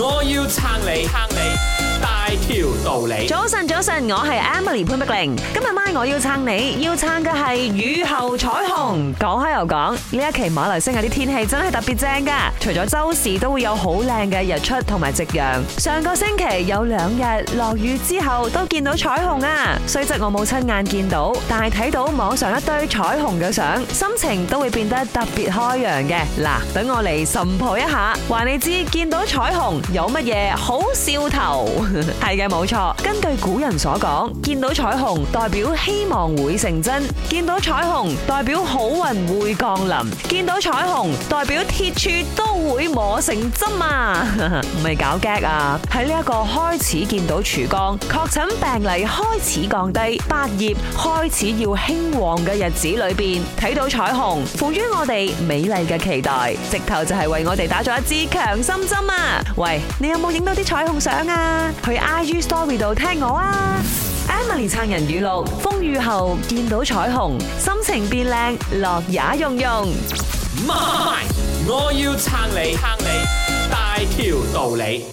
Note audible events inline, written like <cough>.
我要撐你，撐你大條道理。早晨，早晨，我係 Emily 潘碧玲。今日晚我要撐你，要撐嘅係雨後彩虹。講開又講，呢一期馬來西亞啲天氣真係特別正㗎。除咗周時都會有好靚嘅日出同埋夕陽，上個星期有兩日落雨之後都見到彩虹啊。雖則我冇親眼見到，但係睇到網上一堆彩虹嘅相，心情都會變得特別開揚嘅。嗱，等我嚟神婆一下，話你知見到彩虹，有乜嘢好兆頭？係嘅，冇錯，根據古人所講，見到彩虹代表希望會成真，見到彩虹代表好運會降臨，見到彩虹代表鐵柱都會磨成針啊！唔 <laughs> 係搞 gag 啊！喺呢一個開始見到曙光，確診病例開始降低，百業開始要興旺嘅日子裏邊，睇到彩虹，賦予我哋美麗嘅期待，直頭就係為我哋打咗一支強心針啊！喂你有冇影到啲彩虹相啊？去 IG story 度聽我啊！Emily 撐人語錄，風雨後見到彩虹，心情變靚，樂也融融。媽咪，我要撐你，撐你大條道理。